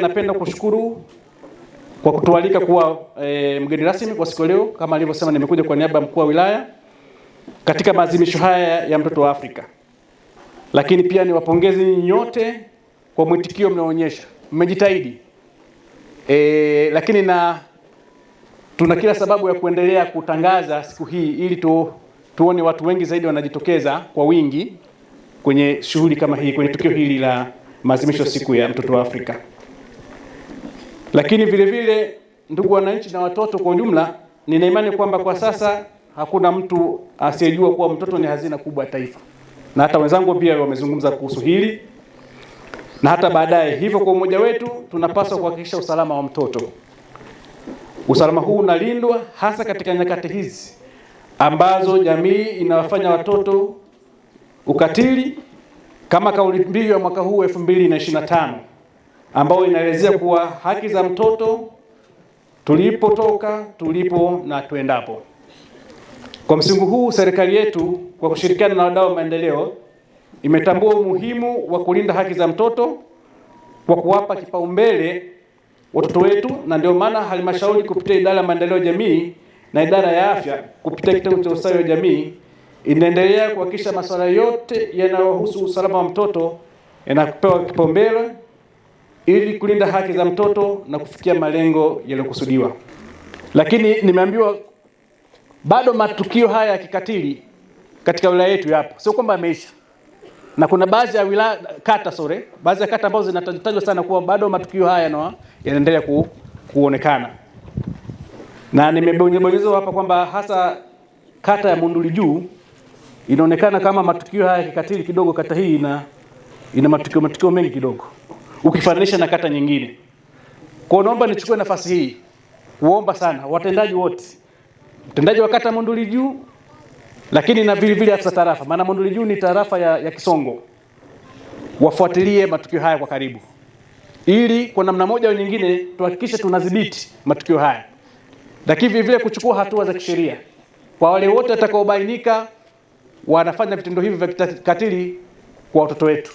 Napenda kushukuru kwa kutualika kuwa e, mgeni rasmi kwa siku leo. Kama alivyosema, nimekuja kwa niaba ya mkuu wa wilaya katika maadhimisho haya ya mtoto wa Afrika, lakini pia niwapongeze nyinyi nyote kwa mwitikio mnaoonyesha, mmejitahidi e, lakini na tuna kila sababu ya kuendelea kutangaza siku hii ili tu, tuone watu wengi zaidi wanajitokeza kwa wingi kwenye shughuli kama hii, kwenye tukio hili la maadhimisho siku ya mtoto wa Afrika. Lakini vile vile, ndugu wananchi na watoto kwa ujumla, nina imani kwamba kwa sasa hakuna mtu asiyejua kuwa mtoto ni hazina kubwa ya taifa, na hata wenzangu pia wamezungumza kuhusu hili na hata baadaye. Hivyo, kwa umoja wetu tunapaswa kuhakikisha usalama wa mtoto. Usalama huu unalindwa hasa katika nyakati hizi ambazo jamii inawafanya watoto ukatili kama kauli mbiu ya mwaka huu 2025 ambayo inaelezea kuwa haki za mtoto tulipotoka, tulipo na tuendapo. Kwa msingi huu, serikali yetu kwa kushirikiana na wadau wa maendeleo imetambua umuhimu wa kulinda haki za mtoto kwa kuwapa kipaumbele watoto wetu, na ndio maana halmashauri kupitia idara ya maendeleo ya jamii na idara ya afya kupitia kitengo cha ustawi wa jamii inaendelea kuhakikisha masuala yote yanayohusu usalama wa mtoto yanapewa kipaumbele ili kulinda haki za mtoto na kufikia malengo yaliyokusudiwa. Lakini nimeambiwa bado matukio haya ya kikatili katika wilaya yetu yapo, sio kwamba yameisha, na kuna baadhi ya wilaya kata, sore, baadhi ya kata ambazo zinatajwa sana kuwa bado matukio haya no, yanaendelea ku, kuonekana na nimebonyezwa hapa kwamba hasa kata ya Monduli juu Inaonekana kama matukio haya kikatili kidogo, kata hii ina ina matukio matukio mengi kidogo ukifananisha na kata nyingine. Kwa naomba nichukue nafasi hii kuomba sana watendaji wote, mtendaji wa kata Monduli Juu, lakini na vile vile afisa tarafa, maana Monduli Juu ni tarafa ya, ya Kisongo, wafuatilie matukio haya kwa karibu, ili kwa namna moja au nyingine tuhakikishe tunadhibiti matukio haya, lakini vile vile kuchukua hatua za kisheria kwa wale wote watakaobainika wanafanya vitendo hivi vya kikatili kwa watoto wetu.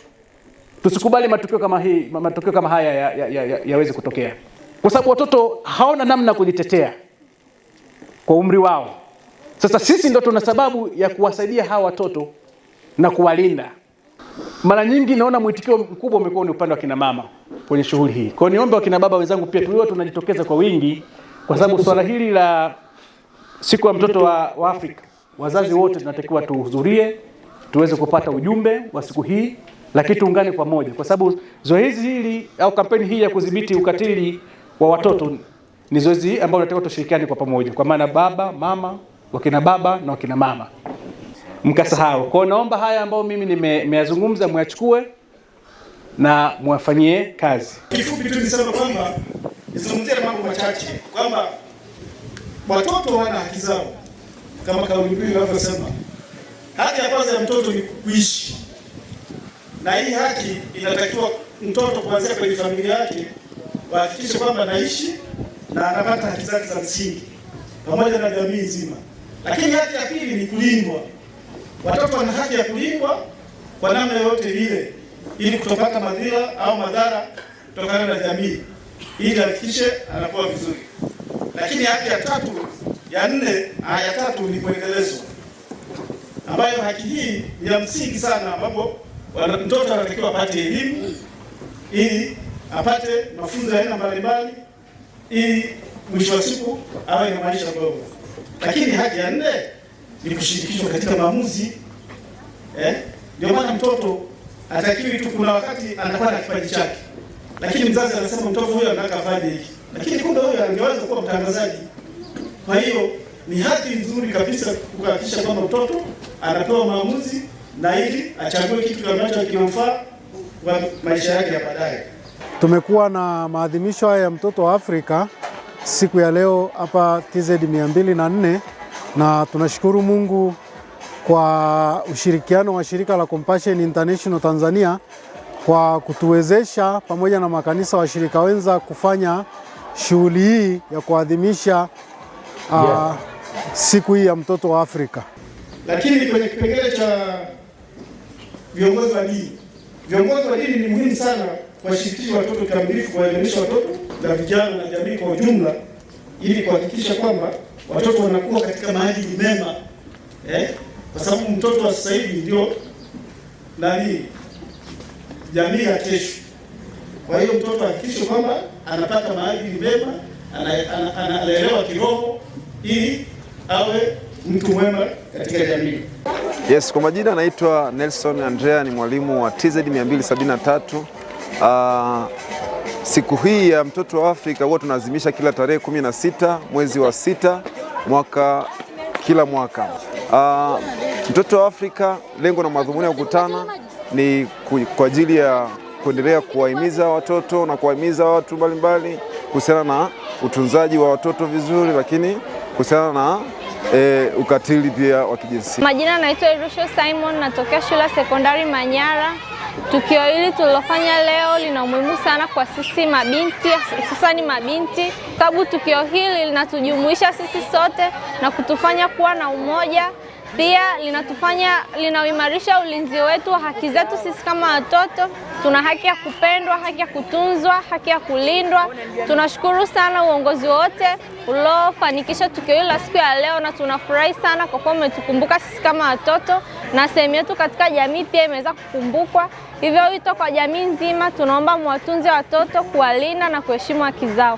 Tusikubali matukio kama hii, matukio kama haya yaweze ya, ya, ya, ya kutokea, kwa sababu watoto hawana namna kujitetea kwa umri wao. Sasa sisi ndio tuna sababu ya kuwasaidia hawa watoto na kuwalinda. Mara nyingi naona mwitikio mkubwa umekuwa ni upande wa kina mama kwenye shughuli hii. Kwa hiyo niombe wakina baba wenzangu pia tuliwe tunajitokeza kwa wingi, kwa sababu swala hili la siku ya mtoto wa, wa Afrika wazazi wote tunatakiwa tuhudhurie tuweze kupata ujumbe wa siku hii, lakini tuungane pamoja, kwa sababu zoezi hili au kampeni hii ya kudhibiti ukatili wa watoto ni zoezi ambalo tunataka tushirikiane kwa pamoja, kwa maana baba mama, wakina baba na wakina mama mkasahau. Kwa naomba haya ambayo mimi nimeyazungumza mwachukue na mwafanyie kazi. Kifupi tu nisema kwamba nizungumzie mambo machache kwamba watoto wana haki zao kama kauli mbiu inavyosema, haki ya kwanza ya mtoto ni kuishi, na hii haki inatakiwa mtoto kuanzia kwenye familia yake wahakikishe kwamba anaishi na anapata haki zake za msingi pamoja na jamii nzima. Lakini haki ya pili ni kulindwa. Watoto wana haki ya kulindwa kwa namna yoyote ile, ili kutopata madhila au madhara kutokana na jamii, ili ahakikishe anakuwa vizuri. Lakini haki ya tatu ya nne na ya tatu ni kuendelezwa, ambayo haki hii ni ya msingi sana, ambapo mtoto anatakiwa apate elimu ili apate mafunzo ya aina mbalimbali ili mwisho wa siku awe na maisha bora. Lakini haki ya nne ni kushirikishwa katika maamuzi eh? Ndio maana mtoto atakiwi tu, kuna wakati anakuwa na kipaji chake, lakini mzazi anasema mtoto huyo anataka afanye hiki, lakini kumbe huyo angeweza kuwa mtangazaji kwa hiyo ni haki nzuri kabisa kuhakikisha kwamba mtoto anapewa maamuzi na ili achague kitu ambacho kinamfaa kwa maisha yake ya baadaye. Tumekuwa na maadhimisho haya ya mtoto wa Afrika siku ya leo hapa TZ 204 na tunashukuru Mungu kwa ushirikiano wa shirika la Compassion International Tanzania kwa kutuwezesha pamoja na makanisa washirika wenza kufanya shughuli hii ya kuadhimisha Ah, yeah. siku hii ya mtoto wa Afrika. Lakini kwenye kipengele cha viongozi wa dini, viongozi wa dini ni muhimu sana kuwashirikisha watoto kikamilifu, kuwaelimisha watoto na vijana na jamii kwa ujumla, ili kuhakikisha kwamba watoto wanakuwa katika maadili mema eh? Kwa sababu mtoto wa sasa hivi ndio nani, jamii ya kesho. Kwa hiyo mtoto hakikishe kwamba anapata maadili mema, anaelewa ana, ana, ana kiroho ili awe mtu mwema katika jamii. Yes, kwa majina anaitwa Nelson Andrea, ni mwalimu wa TZ 273. Uh, siku hii ya mtoto wa Afrika huwa tunaazimisha kila tarehe 16 mwezi wa sita mwaka kila mwaka. Uh, mtoto wa Afrika, lengo na madhumuni ya kukutana ni kwa ajili ya kuendelea kuwahimiza watoto na kuwahimiza watu mbalimbali kuhusiana na utunzaji wa watoto vizuri, lakini kuhusiana na e, ukatili pia wa kijinsia. Majina naitwa Irusho Simon, natokea shule sekondari Manyara. Tukio hili tulilofanya leo lina umuhimu sana kwa sisi mabinti, hususani mabinti, sababu tukio hili linatujumuisha sisi sote na kutufanya kuwa na umoja pia linatufanya linaimarisha ulinzi wetu wa haki zetu. Sisi kama watoto tuna haki ya kupendwa, haki ya kutunzwa, haki ya kulindwa. Tunashukuru sana uongozi wote uliofanikisha tukio hili la siku ya leo, na tunafurahi sana kwa kuwa umetukumbuka sisi kama watoto, na sehemu yetu katika jamii pia imeweza kukumbukwa. Hivyo wito kwa jamii nzima, tunaomba mwatunze watoto, kuwalinda na kuheshimu haki zao.